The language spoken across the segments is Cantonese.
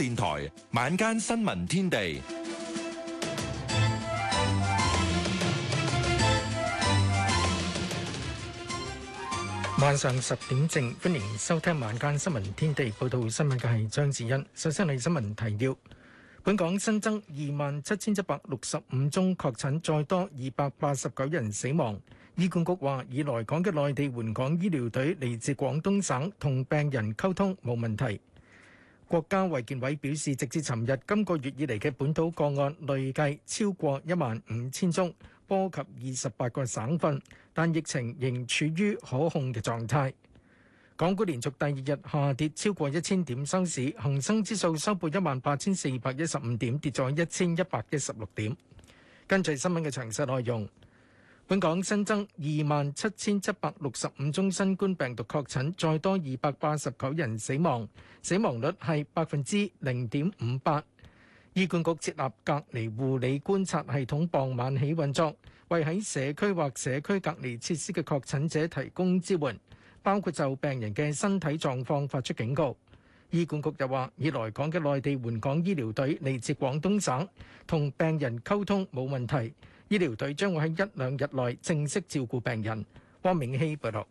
電台晚間新聞天地，晚上十點正，歡迎收聽晚間新聞天地。報道新聞嘅係張智欣。首先係新聞提要：本港新增二萬七千一百六十五宗確診，再多二百八十九人死亡。醫管局話，以來港嘅內地援港醫療隊嚟自廣東省，同病人溝通冇問題。國家衛健委表示，直至尋日，今個月以嚟嘅本土個案累計超過一萬五千宗，波及二十八個省份，但疫情仍處於可控嘅狀態。港股連續第二日下跌，超過一千點收市，恒生指數收報一萬八千四百一十五點，跌咗一千一百一十六點。根據新聞嘅詳細內容。本港新增二萬七千七百六十五宗新冠病毒確診，再多二百八十九人死亡，死亡率係百分之零點五八。醫管局設立隔離護理觀察系統，傍晚起運作，為喺社區或社區隔離設施嘅確診者提供支援，包括就病人嘅身體狀況發出警告。醫管局又話，以來港嘅內地援港醫療隊嚟自廣東省，同病人溝通冇問題。醫療隊將會喺一兩日內正式照顧病人。汪明熙報道。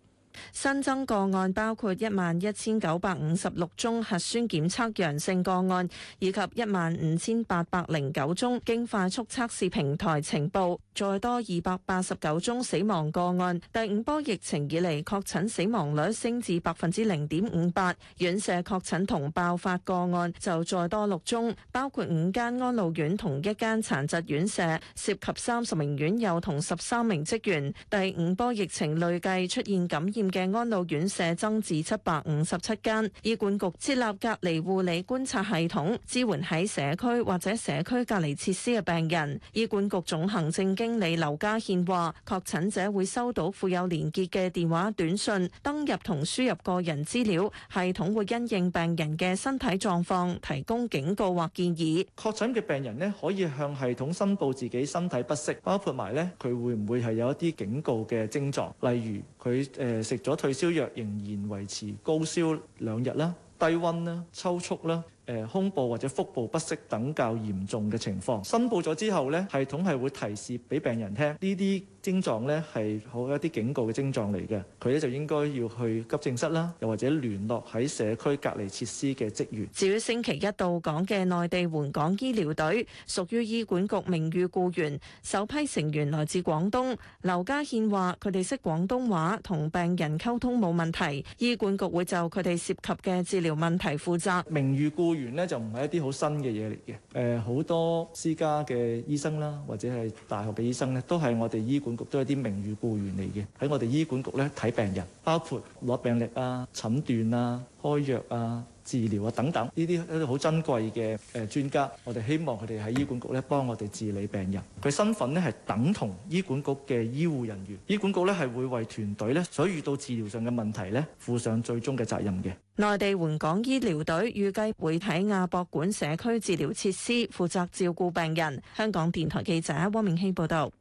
新增個案包括一萬一千九百五十六宗核酸檢測陽性個案，以及一萬五千八百零九宗經快速測試平台呈報，再多二百八十九宗死亡個案。第五波疫情以嚟確診死亡率升至百分之零點五八。院舍確診同爆發個案就再多六宗，包括五間安老院同一間殘疾院舍，涉及三十名院友同十三名職員。第五波疫情累計出現感染嘅安老院舍增至七百五十七間，醫管局設立隔離護理觀察系統，支援喺社區或者社區隔離設施嘅病人。醫管局總行政經理劉家憲話，確診者會收到附有連結嘅電話短信，登入同輸入個人資料，系統會因應病人嘅身體狀況提供警告或建議。確診嘅病人咧，可以向系統申報自己身體不適，包括埋咧佢會唔會係有一啲警告嘅症狀，例如佢誒。呃食咗退燒藥仍然維持高燒兩日啦，低溫啦，抽搐啦。誒胸部或者腹部不適等較嚴重嘅情況申報咗之後咧，系統係會提示俾病人聽呢啲症狀呢，係好一啲警告嘅症狀嚟嘅，佢咧就應該要去急症室啦，又或者聯絡喺社區隔離設施嘅職員。至於星期一到港嘅內地援港醫療隊，屬於醫管局名譽僱員，首批成員來自廣東，劉家憲話佢哋識廣東話同病人溝通冇問題，醫管局會就佢哋涉及嘅治療問題負責名譽僱源咧就唔係一啲好新嘅嘢嚟嘅，誒好、呃、多私家嘅醫生啦，或者係大學嘅醫生咧，都係我哋醫管局都係一啲名譽僱員嚟嘅，喺我哋醫管局咧睇病人，包括攞病歷啊、診斷啊、開藥啊。治療啊等等，呢啲一啲好珍貴嘅誒專家，我哋希望佢哋喺醫管局咧幫我哋治理病人。佢身份咧係等同醫管局嘅醫護人員，醫管局咧係會為團隊咧所遇到治療上嘅問題咧負上最終嘅責任嘅。內地援港醫療隊預計會喺亞博館社區治療設施負責照、照顧病人。香港電台記者汪明希報道。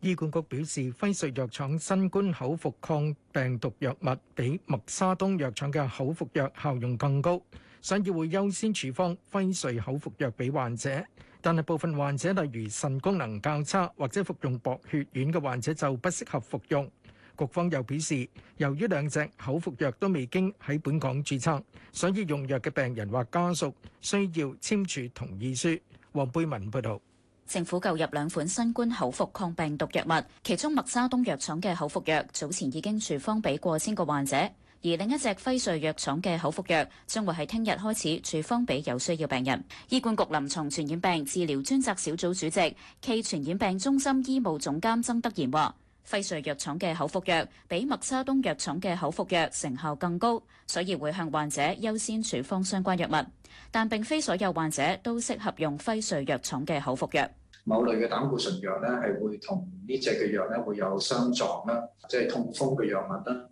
醫管局表示，輝瑞藥廠新冠口服抗病毒藥物比默沙東藥廠嘅口服藥效用更高，所以會優先處方輝瑞口服藥俾患者。但係部分患者，例如腎功能較差或者服用薄血丸嘅患者，就不適合服用。局方又表示，由於兩隻口服藥都未經喺本港註冊，所以用藥嘅病人或家屬需要簽署同意書。黃貝文報導。政府購入兩款新冠口服抗病毒藥物，其中默沙東藥廠嘅口服藥早前已經處方俾過千個患者，而另一隻輝瑞藥廠嘅口服藥將會喺聽日開始處方俾有需要病人。醫管局臨牀傳染病治療專責小組主席、暨傳染病中心醫務總監曾德賢話，輝瑞藥廠嘅口服藥比默沙東藥廠嘅口服藥成效更高，所以會向患者優先處方相關藥物，但並非所有患者都適合用輝瑞藥廠嘅口服藥。某類嘅膽固醇藥咧，係會同呢隻嘅藥咧會有相撞啦，即係痛風嘅藥物啦，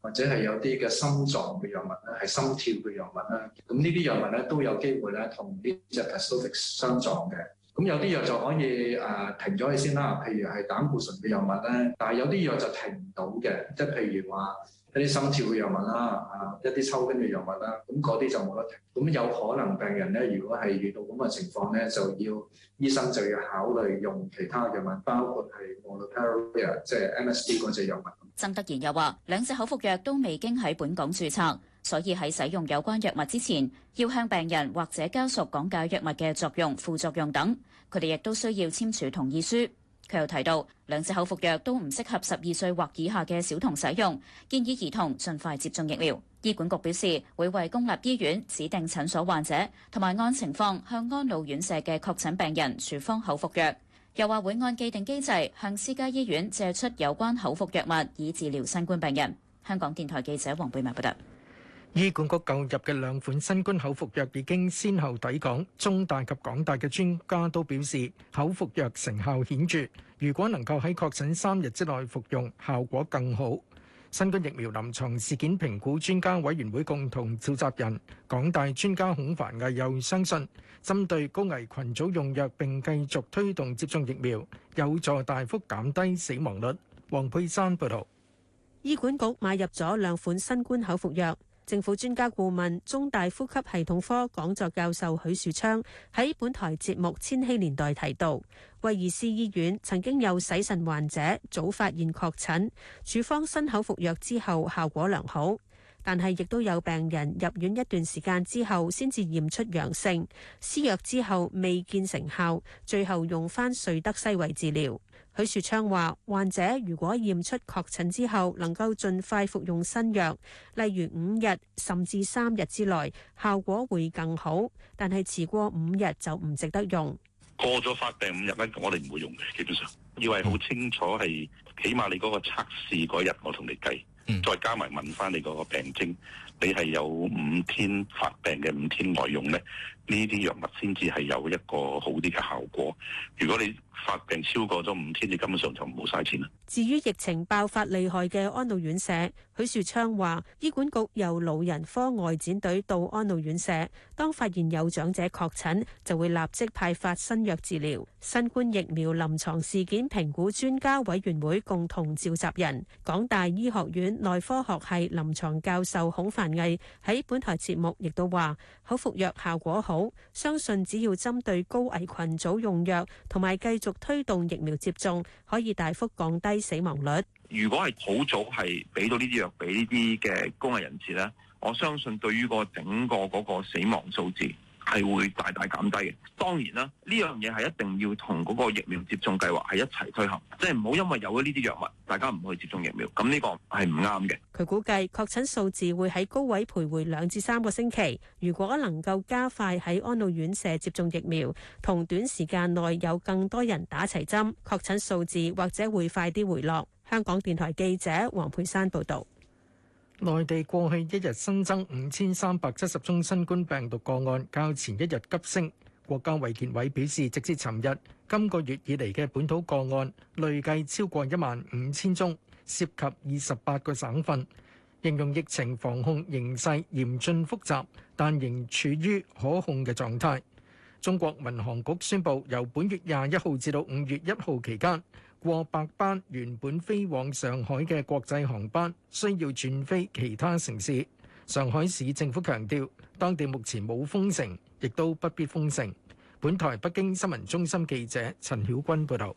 或者係有啲嘅心臟嘅藥物啦，係心跳嘅藥物啦，咁呢啲藥物咧都有機會咧同呢隻 Aslofix 相撞嘅。咁有啲藥就可以誒、呃、停咗佢先啦，譬如係膽固醇嘅藥物啦。但係有啲藥就停唔到嘅，即係譬如話。一啲心跳嘅藥物啦，啊，一啲抽筋嘅藥物啦，咁嗰啲就冇得停。咁有可能病人咧，如果係遇到咁嘅情況咧，就要醫生就要考慮用其他藥物，包括係 Montelukast 即係 MSD 嗰隻藥物。曾德賢又話：兩隻口服藥都未經喺本港註冊，所以喺使用有關藥物之前，要向病人或者家屬講解藥物嘅作用、副作用等，佢哋亦都需要簽署同意書。佢又提到，兩隻口服藥都唔適合十二歲或以下嘅小童使用，建議兒童盡快接種疫苗。醫管局表示，會為公立醫院指定診所患者同埋按情況向安老院舍嘅確診病人處方口服藥，又話會按既定機制向私家醫院借出有關口服藥物以治療新冠病人。香港電台記者黃貝文報道。醫管局購入嘅兩款新冠口服藥已經先後抵港。中大及港大嘅專家都表示，口服藥成效顯著。如果能夠喺確診三日之內服用，效果更好。新冠疫苗臨牀事件評估專家委員會共同召集人港大專家孔繁毅又相信，針對高危羣組用藥並繼續推動接種疫苗，有助大幅減低死亡率。黃佩珊報道，醫管局買入咗兩款新冠口服藥。政府專家顧問、中大呼吸系統科講座教授許樹昌喺本台節目《千禧年代》提到，威爾斯醫院曾經有洗腎患者早發現確診，處方新口服藥之後效果良好，但係亦都有病人入院一段時間之後先至驗出陽性，施藥之後未見成效，最後用返瑞德西維治療。許樹昌話：患者如果驗出確診之後，能夠盡快服用新藥，例如五日甚至三日之內，效果會更好。但係遲過五日就唔值得用。過咗發病五日咧，我哋唔會用嘅。基本上，要係好清楚係，起碼你嗰個測試嗰日，我同你計，再加埋問翻你嗰個病徵，你係有五天發病嘅，五天內用咧，呢啲藥物先至係有一個好啲嘅效果。如果你發病超過咗五天，你根本上就冇嘥錢啦。至於疫情爆發厲害嘅安老院舍，許樹昌話：醫管局由老人科外展隊到安老院舍，當發現有長者確診，就會立即派發新藥治療。新冠疫苗臨床事件評估專家委員會共同召集人、港大醫學院內科學系臨床教授孔凡毅喺本台節目亦都話：口服藥效果好，相信只要針對高危群組用藥，同埋繼續續推動疫苗接種，可以大幅降低死亡率。如果係好早，係俾到呢啲藥俾呢啲嘅高危人士咧，我相信對於個整個嗰個死亡數字，係會大大減低嘅。當然啦，呢樣嘢係一定要同嗰個疫苗接種計劃係一齊推行，即係唔好因為有咗呢啲藥物，大家唔去接種疫苗，咁呢個係唔啱嘅。佢估計確診數字會喺高位徘徊兩至三個星期。如果能夠加快喺安老院舍接種疫苗，同短時間內有更多人打齊針，確診數字或者會快啲回落。香港電台記者黃佩山報導。內地過去一日新增五千三百七十宗新冠病毒個案，較前一日急升。國家衛健委表示，直至尋日，今個月以嚟嘅本土個案累計超過一萬五千宗，涉及二十八個省份。形容疫情防控形勢嚴峻複雜，但仍處於可控嘅狀態。中國民航局宣布，由本月廿一號至到五月一號期間，過百班原本飛往上海嘅國際航班需要轉飛其他城市。上海市政府強調，當地目前冇封城，亦都不必封城。本台北京新聞中心記者陳曉君報道。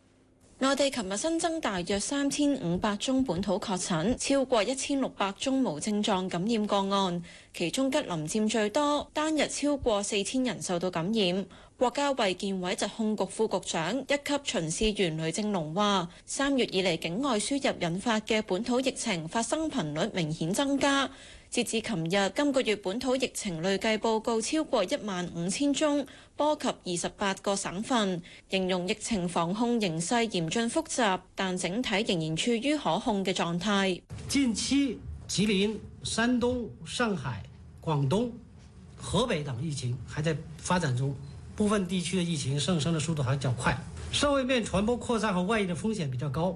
內地琴日新增大約三千五百宗本土確診，超過一千六百宗無症狀感染個案，其中吉林佔最多，單日超過四千人受到感染。國家衛健委疾控局副局長、一級巡視員雷正龍話：三月以嚟境外輸入引發嘅本土疫情發生頻率明顯增加。截至琴日，今個月本土疫情累計報告超過一萬五千宗，波及二十八個省份。形容疫情防控形勢嚴峻複雜，但整體仍然處於可控嘅狀態。近期吉林、山東、上海、廣東、河北等疫情還在發展中，部分地區嘅疫情上升嘅速度還較快，社會面傳播擴散和外溢嘅風險比較高。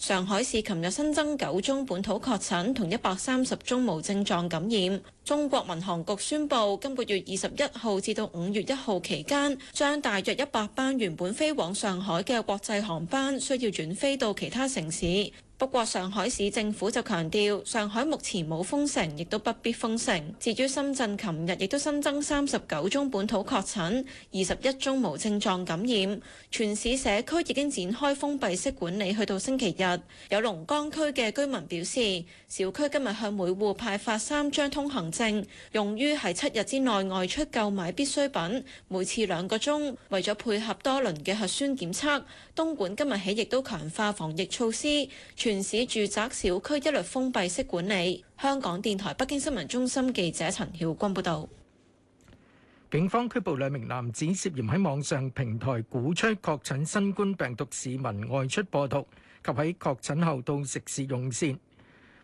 上海市琴日新增九宗本土確診同一百三十宗無症狀感染。中國民航局宣布，今個月二十一號至到五月一號期間，將大約一百班原本飛往上海嘅國際航班需要轉飛到其他城市。不過，上海市政府就強調，上海目前冇封城，亦都不必封城。至於深圳，琴日亦都新增三十九宗本土確診，二十一宗無症狀感染，全市社區已經展開封閉式管理，去到星期日。有龍崗區嘅居民表示，小區今日向每戶派發三張通行證，用於喺七日之內外出購買必需品，每次兩個鐘。為咗配合多輪嘅核酸檢測，東莞今日起亦都強化防疫措施。全市住宅小區一律封閉式管理。香港電台北京新聞中心記者陳曉君報道。警方拘捕兩名男子，涉嫌喺網上平台鼓吹確診新冠病毒市民外出播毒，及喺確診後到食肆用膳。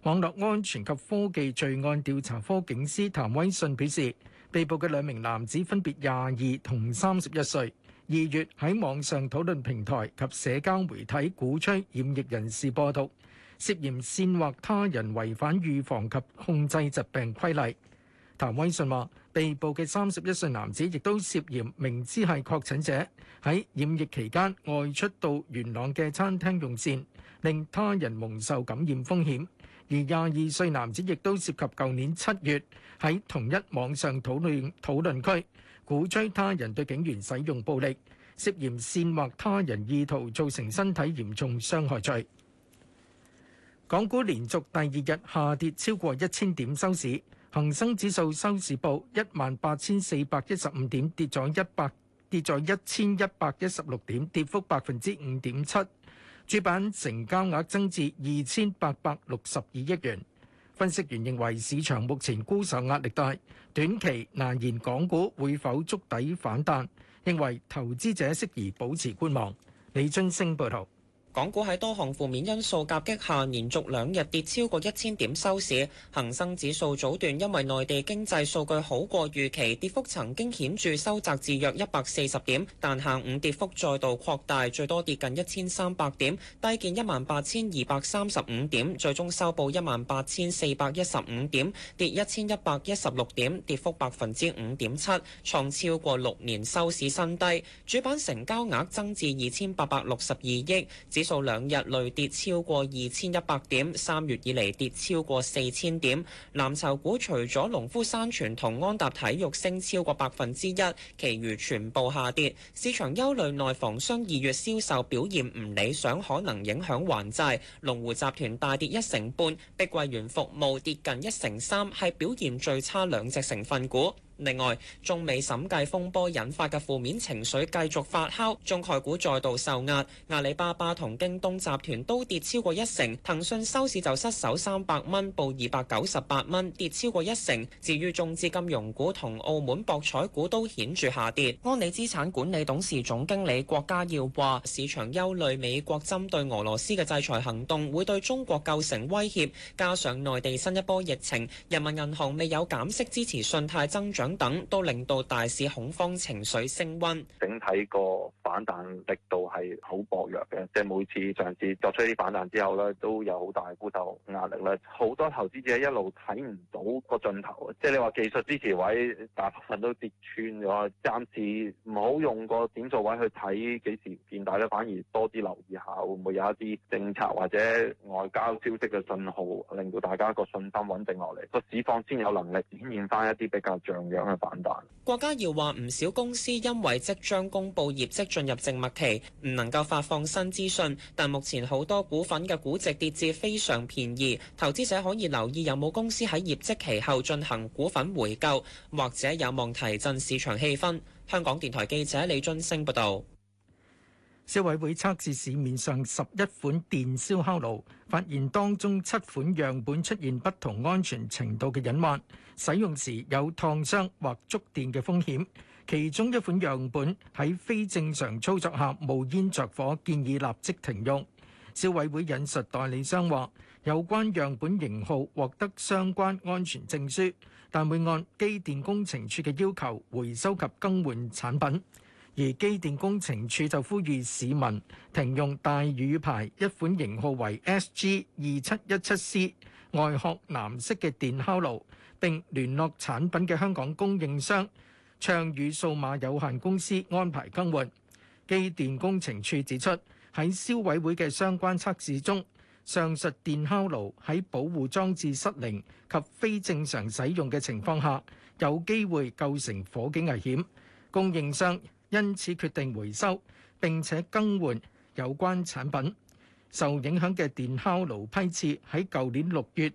網絡安全及科技罪案調查科警司譚威信表示，被捕嘅兩名男子分別廿二同三十一歲。二月喺網上討論平台及社交媒體鼓吹染疫人士播毒，涉嫌煽惑他人違反預防及控制疾病規例。譚威信話，被捕嘅三十一歲男子亦都涉嫌明知係確診者喺染疫期間外出到元朗嘅餐廳用膳，令他人蒙受感染風險。而廿二歲男子亦都涉及舊年七月喺同一網上討論討論區，鼓吹他人對警員使用暴力，涉嫌煽惑他人意圖造成身體嚴重傷害罪。港股連續第二日下跌超過一千點收市，恒生指數收市報一萬八千四百一十五點，跌咗一百，跌咗一千一百一十六點，跌幅百分之五點七。主板成交額增至二千八百六十二億元。分析員認為市場目前沽售壓力大，短期難言港股會否觸底反彈，認為投資者適宜保持觀望。李津升報道。港股喺多項負面因素夾擊下，連續兩日跌超過一千點收市。恒生指數早段因為內地經濟數據好過預期，跌幅曾經顯著收窄至約一百四十點，但下午跌幅再度擴大，最多跌近一千三百點，低見一萬八千二百三十五點，最終收報一萬八千四百一十五點，跌一千一百一十六點，跌幅百分之五點七，創超過六年收市新低。主板成交額增至二千八百六十二億。數兩日累跌超過二千一百點，三月以嚟跌超過四千點。藍籌股除咗農夫山泉同安踏體育升超過百分之一，其餘全部下跌。市場憂慮內房商二月銷售表現唔理想，可能影響還債。龍湖集團大跌一成半，碧桂園服務跌近一成三，係表現最差兩隻成分股。另外，中美審計風波引發嘅負面情緒繼續發酵，中概股再度受壓，阿里巴巴同京東集團都跌超過一成，騰訊收市就失守三百蚊，報二百九十八蚊，跌超過一成。至於中資金融股同澳門博彩股都顯著下跌。安理資產管理董事總經理郭家耀話市場憂慮美國針對俄羅斯嘅制裁行動會對中國構成威脅，加上內地新一波疫情，人民銀行未有減息支持信貸增長。等等都令到大市恐慌情緒升温，整體個反彈力度係好薄弱嘅，即係每次嘗試作出一啲反彈之後咧，都有好大股頭壓力咧。好多投資者一路睇唔到個盡頭，即係你話技術支持位大部分都跌穿咗，暫時唔好用個點數位去睇幾時見大咧，反而多啲留意下會唔會有一啲政策或者外交消息嘅信號，令到大家個信心穩定落嚟，個市況先有能力出現翻一啲比較像。郭家耀話，唔少公司因為即將公布業績進入靜默期，唔能夠發放新資訊。但目前好多股份嘅估值跌至非常便宜，投資者可以留意有冇公司喺業績期後進行股份回購，或者有望提振市場氣氛。香港電台記者李俊升報道。消委會測試市面上十一款電燒烤爐，發現當中七款樣本出現不同安全程度嘅隱患。使用時有燙傷或觸電嘅風險。其中一款樣本喺非正常操作下冒煙着火，建議立即停用。消委會引述代理商話：有關樣本型號獲得相關安全證書，但會按機電工程署嘅要求回收及更換產品。而機電工程署就呼籲市民停用大宇牌一款型號為 SG2717C 外殼藍色嘅電烤爐。並聯絡產品嘅香港供應商暢宇數碼有限公司安排更換。機電工程署指出，喺消委會嘅相關測試中，上述電烤爐喺保護裝置失靈及非正常使用嘅情況下，有機會構成火警危險。供應商因此決定回收並且更換有關產品。受影響嘅電烤爐批次喺舊年六月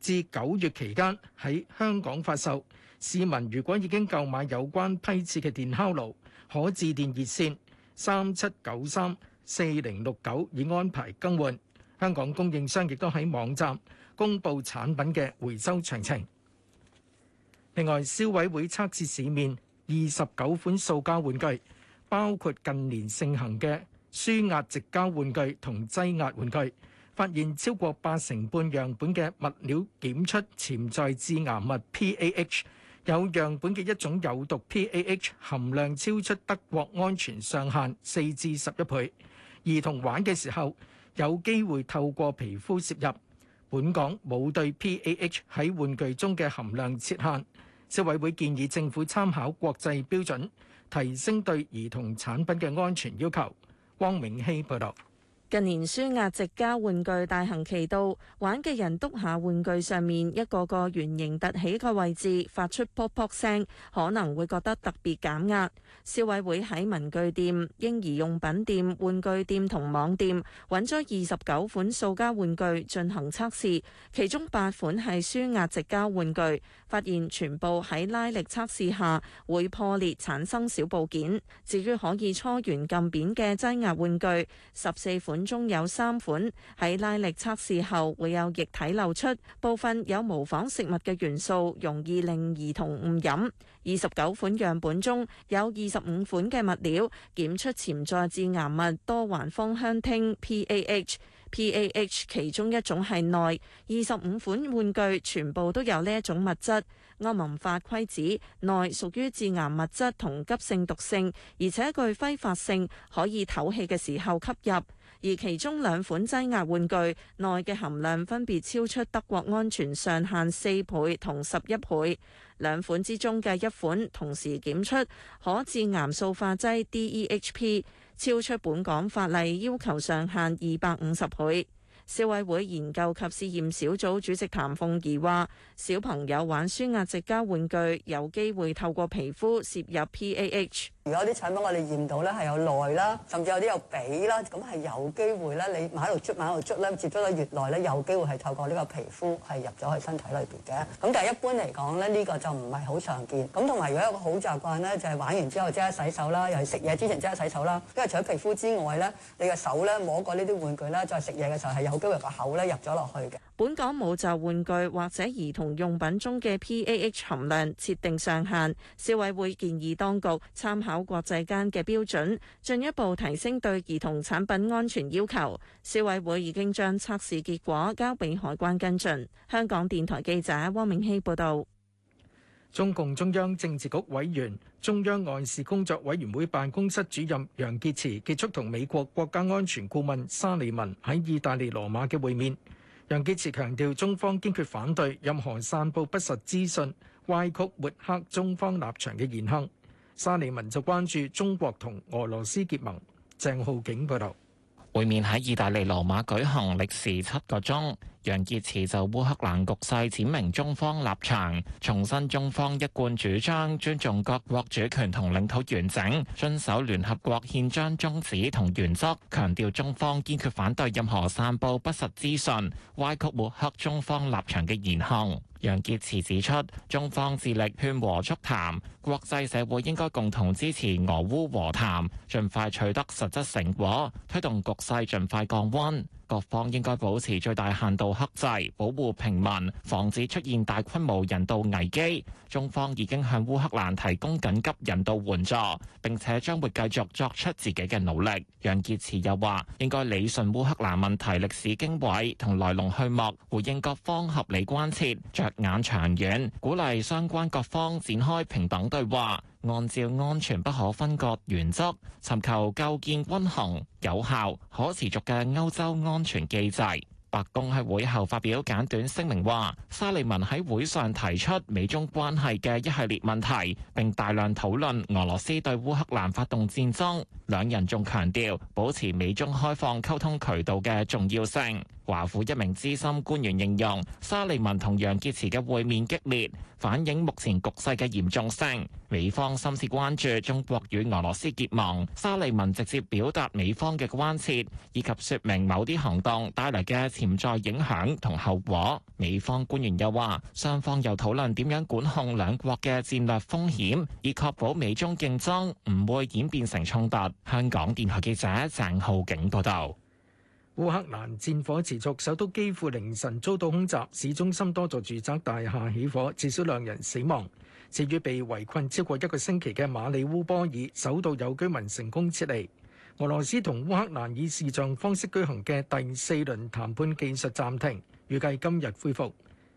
至九月期間喺香港發售，市民如果已經購買有關批次嘅電烤爐，可致電熱線三七九三四零六九以安排更換。香港供應商亦都喺網站公布產品嘅回收詳情。另外，消委會測試市面二十九款塑膠玩具，包括近年盛行嘅舒壓矽膠玩具同擠壓玩具。發現超過八成半樣本嘅物料檢出潛在致癌物 P A H，有樣本嘅一種有毒 P A H 含量超出德國安全上限四至十一倍。兒童玩嘅時候有機會透過皮膚攝入。本港冇對 P A H 喺玩具中嘅含量設限，消委會建議政府參考國際標準，提升對兒童產品嘅安全要求。汪永熙報導。近年舒壓直膠玩具大行其道，玩嘅人篤下玩具上面一個個圓形凸起嘅位置，發出噗噗聲，可能會覺得特別減壓。消委會喺文具店、嬰兒用品店、玩具店同網店揾咗二十九款塑膠玩具進行測試，其中八款係舒壓直膠玩具，發現全部喺拉力測試下會破裂產生小部件。至於可以搓圓撳扁嘅擠壓玩具，十四款中有三款喺拉力測試後會有液體漏出，部分有模仿食物嘅元素，容易令兒童誤飲。二十九款樣本中有二十五款嘅物料檢出潛在致癌物多環芳香烴 （PAH）。PAH、PAH、其中一種係內，二十五款玩具全部都有呢一種物質。歐盟法規指內屬於致癌物質同急性毒性，而且具揮發性，可以唞氣嘅時候吸入。而其中兩款擠壓玩具內嘅含量分別超出德國安全上限四倍同十一倍，兩款之中嘅一款同時檢出可致癌塑化劑 DEHP，超出本港法例要求上限二百五十倍。消委會研究及試驗小組主席譚鳳儀話：小朋友玩舒壓直膠玩具，有機會透過皮膚攝入 P A H。如果啲產品我哋驗到咧，係有耐啦，甚至有啲有比啦，咁係有機會咧。你咪喺度捽，咪喺度捽咧，接觸得到越耐咧，有機會係透過呢個皮膚係入咗去身體裏邊嘅。咁但係一般嚟講咧，呢、這個就唔係好常見。咁同埋，如果有個好習慣咧，就係、是、玩完之後即刻洗手啦，又係食嘢之前即刻洗手啦。因為除咗皮膚之外咧，你嘅手咧摸過呢啲玩具啦，再食嘢嘅時候係有。都入個口咧，入咗落去嘅。本港冇就玩具或者兒童用品中嘅 PAH 含量設定上限。消委會建議當局參考國際間嘅標準，進一步提升對兒童產品安全要求。消委會已經將測試結果交俾海關跟進。香港電台記者汪明希報道。中共中央政治局委員、中央外事工作委員會辦公室主任楊潔篪結束同美國國家安全顧問沙利文喺意大利羅馬嘅會面。楊潔篪強調，中方堅決反對任何散布不實資訊歪曲抹黑中方立場嘅言行。沙利文就關注中國同俄羅斯結盟。鄭浩景報道。會面喺意大利羅馬舉行，歷時七個鐘。楊潔篪就烏克蘭局勢闡明中方立場，重申中方一貫主張尊重各國主權同領土完整，遵守聯合國憲章宗旨同原則，強調中方堅決反對任何散布不實資訊、歪曲抹黑中方立場嘅言行。楊潔篪指出，中方致力勸和促談，國際社會應該共同支持俄烏和談，盡快取得實質成果，推動局勢盡快降溫。各方應該保持最大限度克制，保護平民，防止出現大規模人道危機。中方已經向烏克蘭提供緊急人道援助，並且將會繼續作出自己嘅努力。楊潔篪又話，應該理順烏克蘭問題歷史經緯同來龍去脈，回應各方合理關切。眼長遠，鼓勵相關各方展開平等對話，按照安全不可分割原則，尋求構建均衡、有效、可持續嘅歐洲安全機制。白宮喺會後發表簡短聲明，話沙利文喺會上提出美中關係嘅一系列問題，並大量討論俄羅斯對烏克蘭發動戰爭。兩人仲強調保持美中開放溝通渠道嘅重要性。華府一名資深官員形容沙利文同楊潔篪嘅會面激烈，反映目前局勢嘅嚴重性。美方深切關注中國與俄羅斯結盟，沙利文直接表達美方嘅關切，以及説明某啲行動帶來嘅潛在影響同後果。美方官員又話，雙方又討論點樣管控兩國嘅戰略風險，以確保美中競爭唔會演變成衝突。香港電台記者鄭浩景報道。烏克蘭戰火持續，首都基輔凌晨遭到空襲，市中心多座住宅大廈起火，至少兩人死亡。至於被圍困超過一個星期嘅馬里烏波爾，首度有居民成功撤離。俄羅斯同烏克蘭以視像方式舉行嘅第四輪談判技術暫停，預計今日恢復。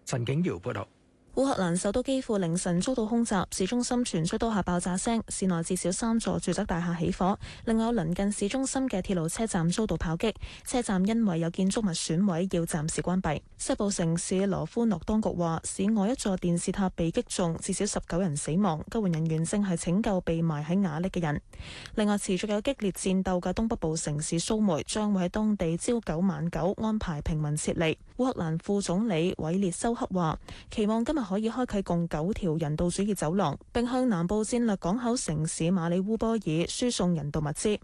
陳景堯報道。烏克蘭首都幾乎凌晨遭到空襲，市中心傳出多下爆炸聲，市內至少三座住宅大廈起火。另外，鄰近市中心嘅鐵路車站遭到炮擊，車站因為有建築物損毀，要暫時關閉。西部城市羅夫諾當局話，市外一座電視塔被擊中，至少十九人死亡。救援人員正係拯救被埋喺瓦礫嘅人。另外，持續有激烈戰鬥嘅東北部城市蘇梅，將會喺當地朝九晚九安排平民撤離。烏克蘭副總理韋列修克話：期望今日，可以開啟共九條人道主義走廊，並向南部戰略港口城市馬里烏波爾輸送人道物資。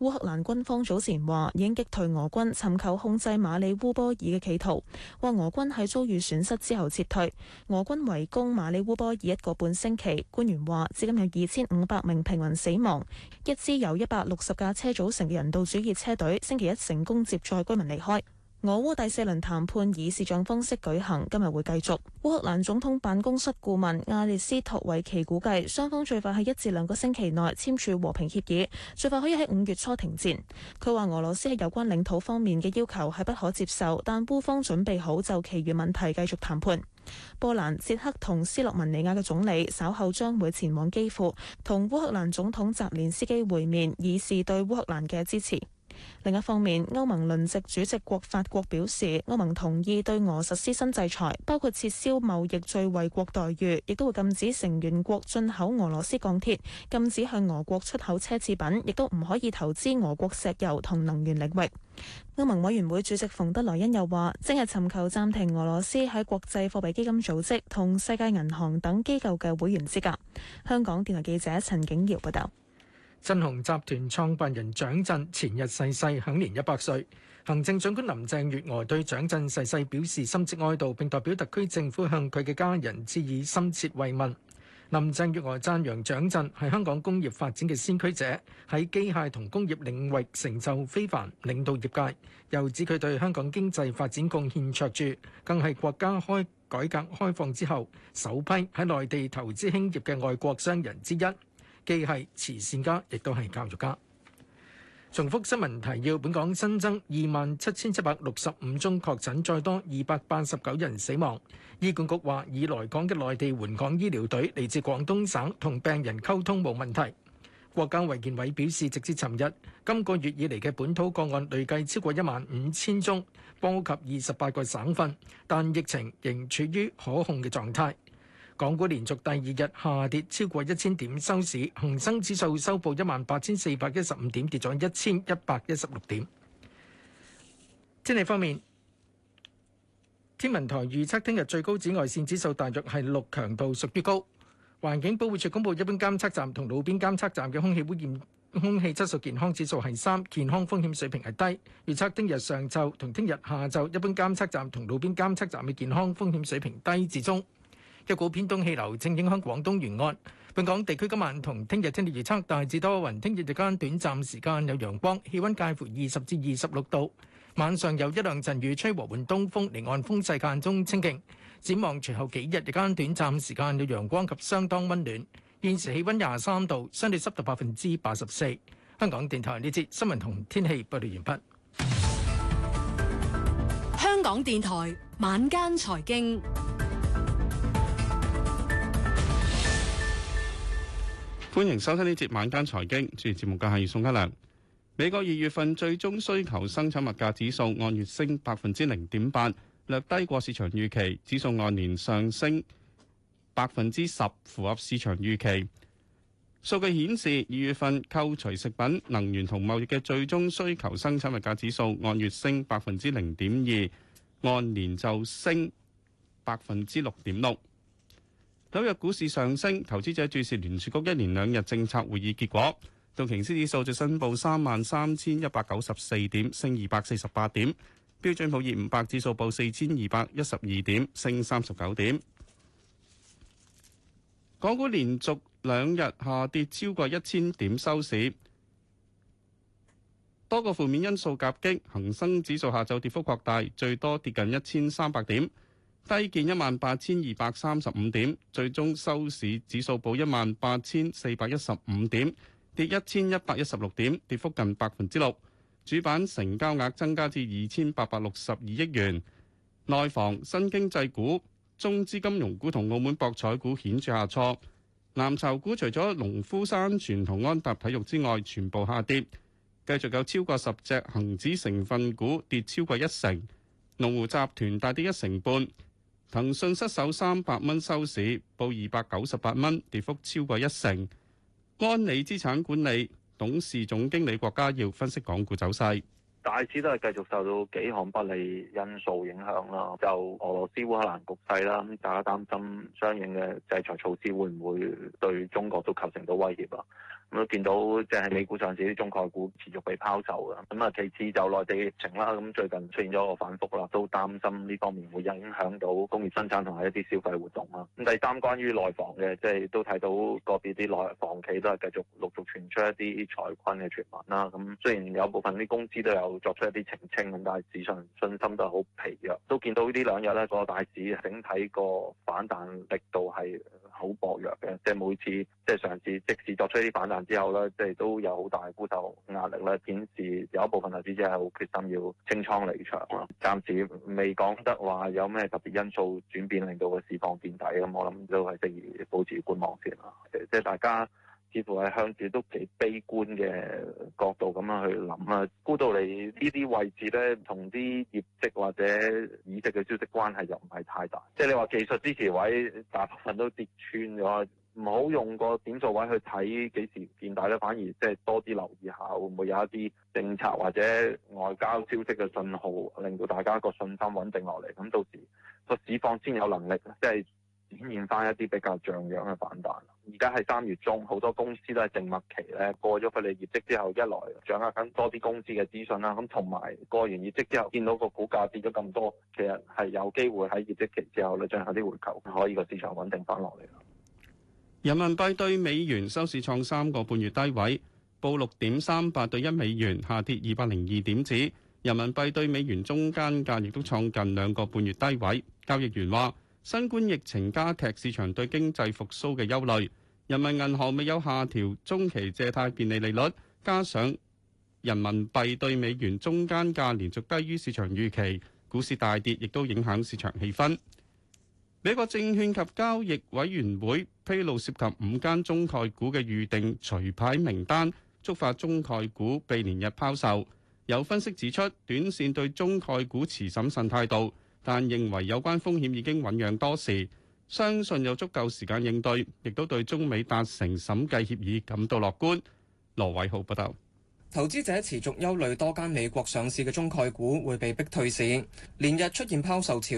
烏克蘭軍方早前話已經擊退俄軍尋求控制馬里烏波爾嘅企圖，話俄軍喺遭遇損失之後撤退。俄軍圍攻馬里烏波爾一個半星期，官員話至今有二千五百名平民死亡。一支由一百六十架車組成嘅人道主義車隊星期一成功接載居民離開。俄烏第四輪談判以視像方式舉行，今日會繼續。烏克蘭總統辦公室顧問亞列斯托維奇估計，雙方最快喺一至兩個星期內簽署和平協議，最快可以喺五月初停戰。佢話：俄羅斯喺有關領土方面嘅要求係不可接受，但烏方準備好就其餘問題繼續談判。波蘭、捷克同斯洛文尼亞嘅總理稍後將會前往基輔，同烏克蘭總統澤連斯基會面，以示對烏克蘭嘅支持。另一方面，歐盟輪值主席國法國表示，歐盟同意對俄實施新制裁，包括撤銷貿易最惠國待遇，亦都會禁止成員國進口俄羅斯鋼鐵，禁止向俄國出口奢侈品，亦都唔可以投資俄國石油同能源領域。歐盟委員會主席馮德萊恩又話，正係尋求暫停俄羅斯喺國際貨幣基金組織同世界銀行等機構嘅會員資格。香港電台記者陳景堯報道。震雄集團創辦人蔣震前日逝世，世，享年一百歲。行政長官林鄭月娥對蔣震逝世，世表示深切哀悼，並代表特區政府向佢嘅家人致以深切慰問。林鄭月娥讚揚蔣震係香港工業發展嘅先驅者，喺機械同工業領域成就非凡，領導業界。又指佢對香港經濟發展貢獻卓著，更係國家開改革開放之後首批喺內地投資興業嘅外國商人之一。既係慈善家，亦都係教育家。重複新聞提要：本港新增二萬七千七百六十五宗確診，再多二百八十九人死亡。醫管局話，已來港嘅內地援港醫療隊嚟自廣東省，同病人溝通冇問題。國家衛健委表示，直至尋日，今個月以嚟嘅本土個案累計超過一萬五千宗，波及二十八個省份，但疫情仍處於可控嘅狀態。港股連續第二日下跌，超過一千點收市。恒生指數收報一萬八千四百一十五點，跌咗一千一百一十六點。天氣方面，天文台預測聽日最高紫外線指數大約係六，強度屬於高。環境保護署公布，一般監測站同路邊監測站嘅空氣污染、空氣質素健康指數係三，健康風險水平係低。預測聽日上晝同聽日下晝，一般監測站同路邊監測站嘅健康風險水平低至中。一股偏東氣流正影響廣東沿岸，本港地區今晚同聽日天氣預測大致多雲，聽日日間短暫時間有陽光，氣温介乎二十至二十六度。晚上有一兩陣雨，吹和緩東風，離岸風勢間中清勁。展望隨後幾日日間短暫時間有陽光及相當温暖。現時氣温廿三度，相對濕度百分之八十四。香港電台呢節新聞同天氣報道完畢。香港電台晚間財經。歡迎收聽呢節晚間財經，主持節目嘅係宋嘉良。美國二月份最終需求生產物價指數按月升百分之零點八，略低過市場預期。指數按年上升百分之十，符合市場預期。數據顯示，二月份扣除食品、能源同貿易嘅最終需求生產物價指數按月升百分之零點二，按年就升百分之六點六。九日股市上升，投資者注視聯儲局一連兩日政策會議結果。道瓊斯指數最新報三萬三千一百九十四點，升二百四十八點。標準普爾五百指數報四千二百一十二點，升三十九點。港股連續兩日下跌超過一千點收市，多個負面因素夾擊，恒生指數下晝跌幅擴大，最多跌近一千三百點。低見一萬八千二百三十五點，最終收市指數報一萬八千四百一十五點，跌一千一百一十六點，跌幅近百分之六。主板成交額增加至二千八百六十二億元。內房、新經濟股、中資金融股同澳門博彩股顯著下挫。藍籌股除咗農夫山泉同安踏體育之外，全部下跌。繼續有超過十隻恒指成分股跌超過一成，龍湖集團大跌一成半。騰訊失守三百蚊收市，報二百九十八蚊，跌幅超過一成。安理資產管理董事總經理郭家耀分析港股走勢，大致都係繼續受到幾項不利因素影響啦，就俄羅斯烏克蘭局勢啦，咁大家擔心相應嘅制裁措施會唔會對中國都構成到威脅啊？咁啊，見到即係美股上市，啲中概股持續被拋售嘅。咁啊，其次就內地疫情啦，咁最近出現咗個反覆啦，都擔心呢方面會影響到工業生產同埋一啲消費活動啦。咁第三，關於內房嘅，即係都睇到個別啲內房企都係繼續陸續傳出一啲財困嘅傳聞啦。咁雖然有部分啲公司都有作出一啲澄清，咁但係市場信心都係好疲弱。都見到呢兩日咧，個大市整體個反彈力度係好薄弱嘅，即係每次即係嘗試即時作出一啲反彈。之後咧，即係都有好大沽售壓力咧，顯示有一部分投資者係好決心要清倉離場。暫時未講得話有咩特別因素轉變，令到個市況見底咁，我諗都係適宜保持觀望先咯。即係大家似乎係向住都幾悲觀嘅角度咁樣去諗啦。沽到你呢啲位置咧，同啲業績或者議息嘅消息關係就唔係太大。即係你話技術支持位大部分都跌穿咗。唔好用個點數位去睇幾時見底咧，反而即係多啲留意下會唔會有一啲政策或者外交消息嘅信號，令到大家個信心穩定落嚟。咁到時個市況先有能力即係、就是、展現翻一啲比較像樣嘅反彈。而家係三月中，好多公司都係靜默期咧，過咗佢哋業績之後，一來掌握緊多啲公司嘅資訊啦，咁同埋過完業績之後，見到個股價跌咗咁多，其實係有機會喺業績期之後咧進行啲回購，可以個市場穩定翻落嚟。人民幣對美元收市創三個半月低位，報六點三八對一美元，下跌二百零二點子。人民幣對美元中間價亦都創近兩個半月低位。交易員話：新冠疫情加劇，市場對經濟復甦嘅憂慮。人民銀行未有下調中期借貸便利利率，加上人民幣對美元中間價連續低於市場預期，股市大跌亦都影響市場氣氛。美國證券及交易委員會披露涉及五間中概股嘅預定除牌名單，觸發中概股被連日拋售。有分析指出，短線對中概股持審慎態度，但認為有關風險已經醞釀多時，相信有足夠時間應對，亦都對中美達成審計協議感到樂觀。羅偉浩報道，投資者持續憂慮多間美國上市嘅中概股會被逼退市，連日出現拋售潮。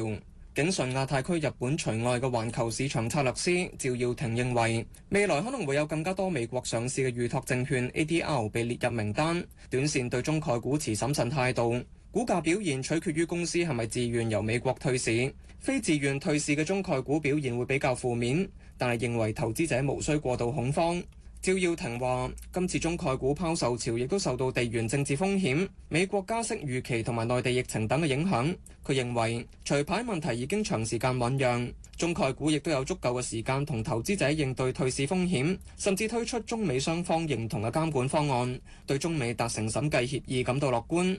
景順亞太區日本除外嘅環球市場策略師趙耀庭認為，未來可能會有更加多美國上市嘅預託證券 ADR 被列入名單。短線對中概股持審慎態度，股價表現取決於公司係咪自願由美國退市，非自願退市嘅中概股表現會比較負面，但係認為投資者無需過度恐慌。趙耀廷話：今次中概股拋售潮亦都受到地緣政治風險、美國加息預期同埋內地疫情等嘅影響。佢認為，除牌問題已經長時間醞釀，中概股亦都有足夠嘅時間同投資者應對退市風險，甚至推出中美雙方認同嘅監管方案，對中美達成審計協議感到樂觀。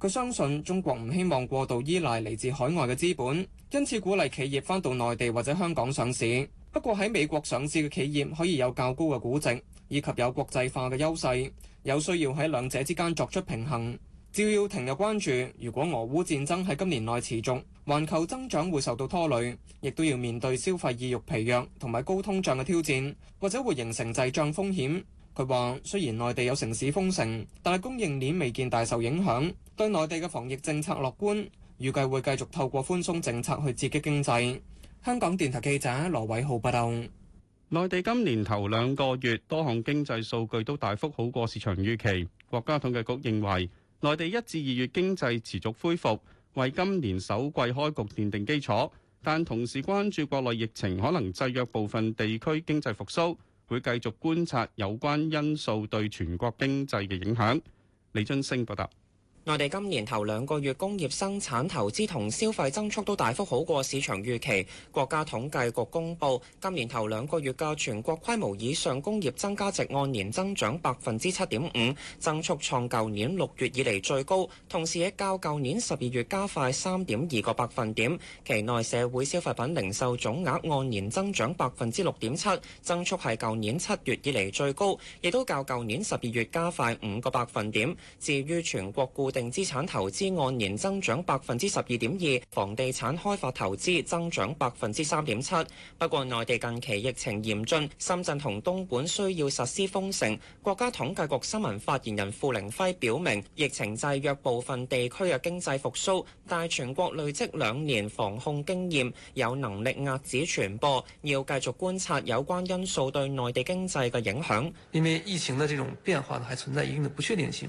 佢相信中國唔希望過度依賴嚟自海外嘅資本，因此鼓勵企業返到內地或者香港上市。不過喺美國上市嘅企業可以有較高嘅估值，以及有國際化嘅優勢。有需要喺兩者之間作出平衡。趙耀庭又關注，如果俄烏戰爭喺今年內持續，環球增長會受到拖累，亦都要面對消費意欲疲弱同埋高通脹嘅挑戰，或者會形成滯脹風險。佢話：雖然內地有城市封城，但係供應鏈未見大受影響，對內地嘅防疫政策樂觀，預計會繼續透過寬鬆政策去刺激經濟。香港電台記者羅偉浩報道。內地今年頭兩個月多項經濟數據都大幅好過市場預期，國家統計局認為內地一至二月經濟持續恢復，為今年首季開局奠定基礎，但同時關注國內疫情可能制約部分地區經濟復甦。會繼續觀察有關因素對全國經濟嘅影響。李春升報道。內地今年頭兩個月工業生產投資同消費增速都大幅好過市場預期。國家統計局公布，今年頭兩個月嘅全國規模以上工業增加值按年增長百分之七點五，增速創舊年六月以嚟最高，同時亦較舊年十二月加快三點二個百分點。期內社會消費品零售總額按年增長百分之六點七，增速係舊年七月以嚟最高，亦都較舊年十二月加快五個百分點。至於全國固定資產投資按年增長百分之十二點二，房地產開發投資增長百分之三點七。不過，內地近期疫情嚴峻，深圳同東莞需要實施封城。國家統計局新聞發言人傅凌輝表明，疫情制約部分地區嘅經濟復甦，但全國累積兩年防控經驗，有能力遏止傳播。要繼續觀察有關因素對內地經濟嘅影響。因為疫情嘅這種變化呢，還存在一定的不確定性。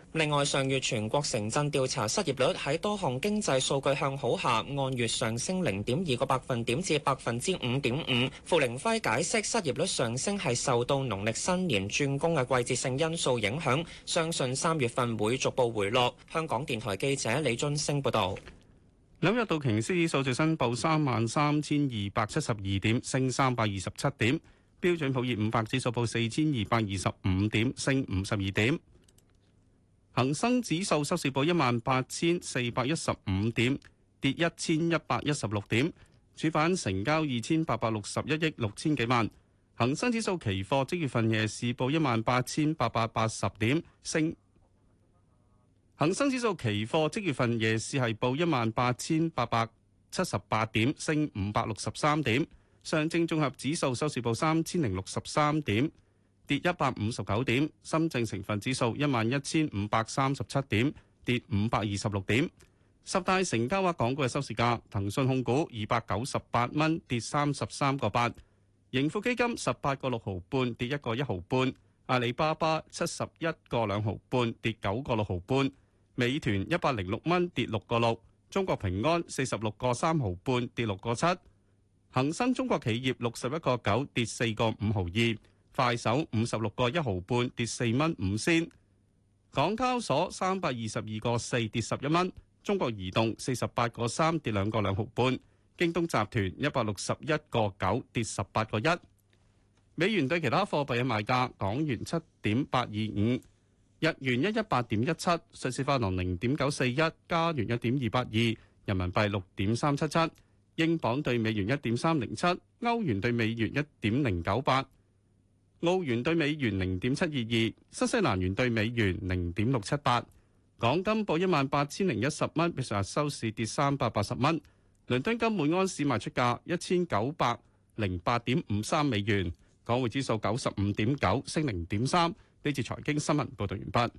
另外，上月全國城鎮調查失業率喺多項經濟數據向好下，按月上升零點二個百分點至百分之五點五。傅玲輝解釋，失業率上升係受到農曆新年轉工嘅季節性因素影響，相信三月份會逐步回落。香港電台記者李津升兩道報導。紐約道瓊斯指數最新報三萬三千二百七十二點，升三百二十七點。標準普爾五百指數報四千二百二十五點，升五十二點。恒生指數收市報一萬八千四百一十五點，跌一千一百一十六點。主板成交二千八百六十一億六千幾萬。恒生指數期貨即月份夜市報一萬八千八百八十點，升。恒生指數期貨即月份夜市係報一萬八千八百七十八點，升五百六十三點。上證綜合指數收市報三千零六十三點。跌一百五十九點，深證成分指數一萬一千五百三十七點，跌五百二十六點。十大成交額港股嘅收市價：騰訊控股二百九十八蚊，跌三十三個八；盈富基金十八個六毫半，跌一個一毫半；阿里巴巴七十一個兩毫半，跌九個六毫半；美團一百零六蚊，跌六個六；中國平安四十六個三毫半，跌六個七；恒生中國企業六十一個九，跌四個五毫二。快手五十六個一毫半，跌四蚊五仙，港交所三百二十二個四，跌十一蚊，中國移動四十八個三，跌兩個兩毫半，京東集團一百六十一個九，跌十八個一。美元對其他貨幣嘅賣價：港元七點八二五，日元一一八點一七，瑞士法郎零點九四一，加元一點二八二，人民幣六點三七七，英鎊對美元一點三零七，歐元對美元一點零九八。澳元兌美元零點七二二，新西蘭元兌美元零點六七八，港金報一萬八千零一十蚊，比上日收市跌三百八十蚊。倫敦金每盎司賣出價一千九百零八點五三美元，港匯指數九十五點九升零點三。呢次財經新聞報道完畢。